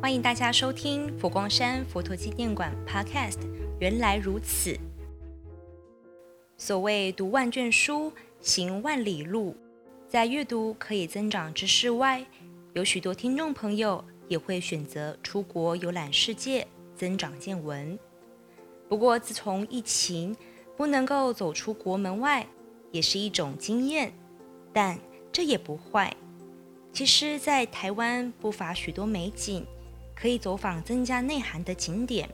歡迎大家收聽佛光山佛陀紀念館 Podcast。原來如此。所謂讀萬卷書，行萬里路。在閱讀可以增長知識外，有許多聽眾朋友也會選擇出國遊覽世界，增長見聞。不過自從疫情，不能夠走出國門外，也是一種經驗。但這也不壞。其實，在台灣不乏許多美景。可以走訪增加內涵的景點，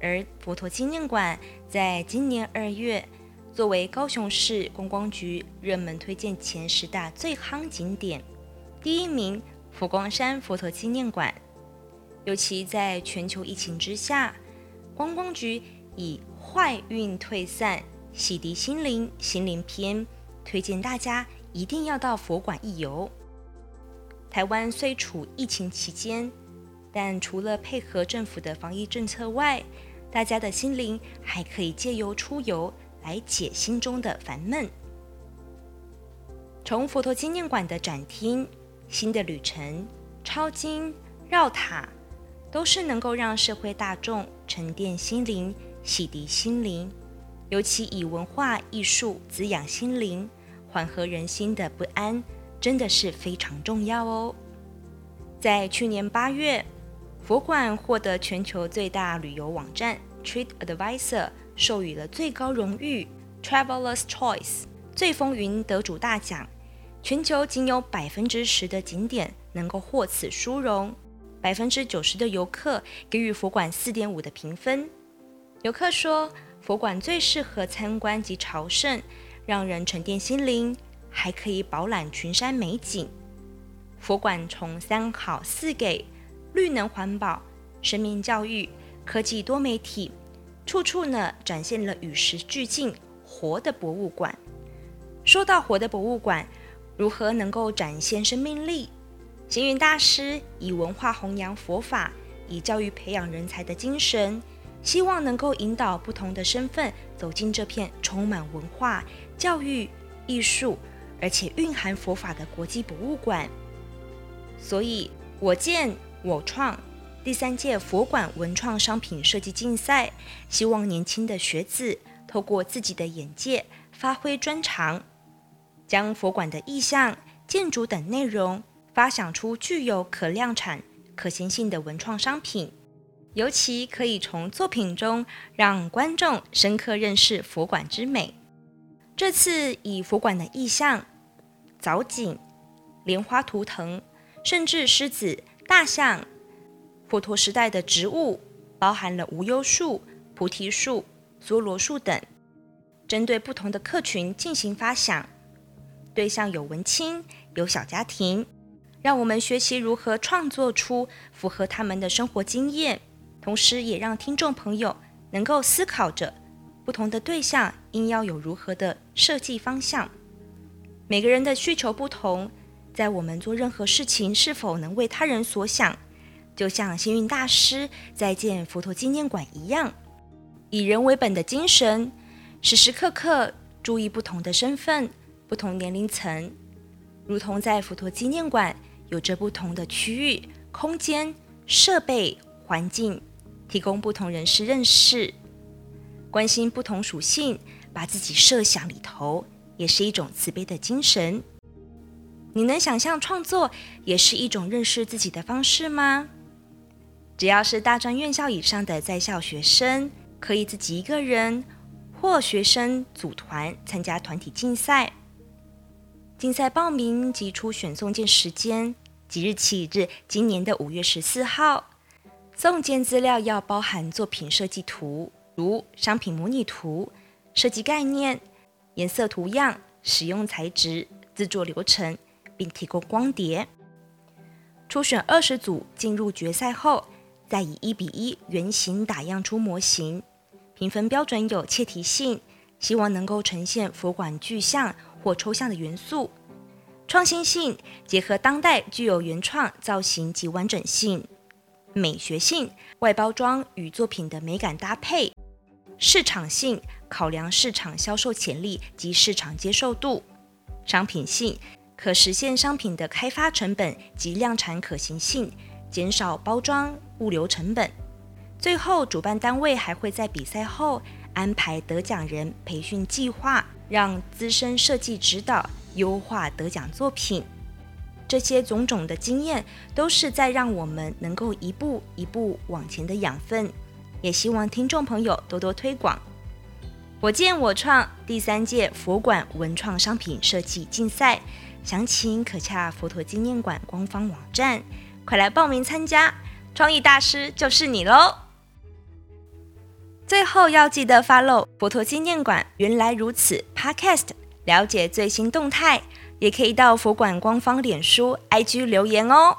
而佛陀紀念館在今年二月作為高雄市觀光局熱門推薦前十大最夯景點，第一名佛光山佛陀紀念館。尤其在全球疫情之下，觀光局以壞運退散、洗滌心靈、心靈篇，推薦大家一定要到佛館一遊。台灣雖處疫情期間，但除了配合政府的防疫政策外，大家的心靈還可以借由出遊來解心中的煩悶。從佛陀紀念館的展廳、新的旅程、抄經、繞塔，都是能夠讓社會大眾沉澱心靈、洗滌心靈，尤其以文化藝術滋養心靈、緩和人心的不安，真的是非常重要哦。在去年八月，佛館獲得全球最大旅遊網站 Tripadvisor 授予了最高榮譽 Travelers' Choice 最風雲得主大獎。全球僅有百分之十的景點能夠獲此殊榮，百分之九十的遊客給予佛館四點五的評分。遊客說，佛館最適合參觀及朝聖，讓人沉澱心靈，還可以飽覽群山美景。佛館從三好四給。綠能環保、生命教育、科技多媒體，處處呢展現了與時俱進、活的博物館。說到活的博物館，如何能夠展現生命力？星雲大師以文化弘揚佛法，以教育培養人才的精神，希望能夠引導不同的身份走進這片充滿文化、教育、藝術，而且蘊含佛法的國際博物館。所以，我見。我創第三屆佛館文創商品設計競賽，希望年輕的學子透過自己的眼界，發揮專長，將佛館的意象、建築等內容發想出具有可量產、可行性的文創商品，尤其可以從作品中讓觀眾深刻認識佛館之美。這次以佛館的意象、藻井、蓮花圖騰，甚至獅子、大象、佛陀時代的植物，包含了無憂樹、菩提樹、娑羅樹等。針對不同的客群進行發想，對象有文青，有小家庭，讓我們學習如何創作出符合他們的生活經驗，同時也讓聽眾朋友能夠思考着不同的對象應要有如何的設計方向。每個人的需求不同，在我們做任何事情，是否能為他人所想，就像星雲大師在建佛陀紀念館一樣，以人為本的精神，時時刻刻注意不同的身份、不同年齡層，如同在佛陀紀念館有着不同的區域、空間、設備、環境，提供不同人士認識，關心不同屬性，把自己設想裡頭，也是一種慈悲的精神。你能想象創作也是一種認識自己的方式嗎？只要是大專院校以上的在校學生，可以自己一個人或學生組團參加團體競賽。競賽報名及初選送件時間即日起至今年的五月十四號。送件資料要包含作品設計圖，如商品模擬圖、設計概念、顏色圖樣、使用材質、製作流程。並提供光碟。初選二十組進入決賽後，再以一比一原型打樣出模型。評分標準有切題性，希望能夠呈現佛館具象或抽象的元素；創新性，結合當代具有原創造型及完整性；美學性，外包裝與作品的美感搭配；市場性，考量市場銷售潛力及市場接受度；商品性。可實現商品的開發成本及量產可行性，減少包裝物流成本。最後，主辦單位還會在比賽後安排得獎人培訓計劃，讓資深設計指導優化得獎作品。這些種種的經驗都是在讓我們能夠一步一步往前的養分。也希望聽眾朋友多多推廣。我見我創第三屆佛館文創商品設計競賽，詳情可洽佛陀紀念館官方網站，快來報名參加，創意大師就是你嘍！最後要記得發漏佛陀紀念館原來如此 Podcast，了解最新動態，也可以到佛館官方臉書、IG 留言哦。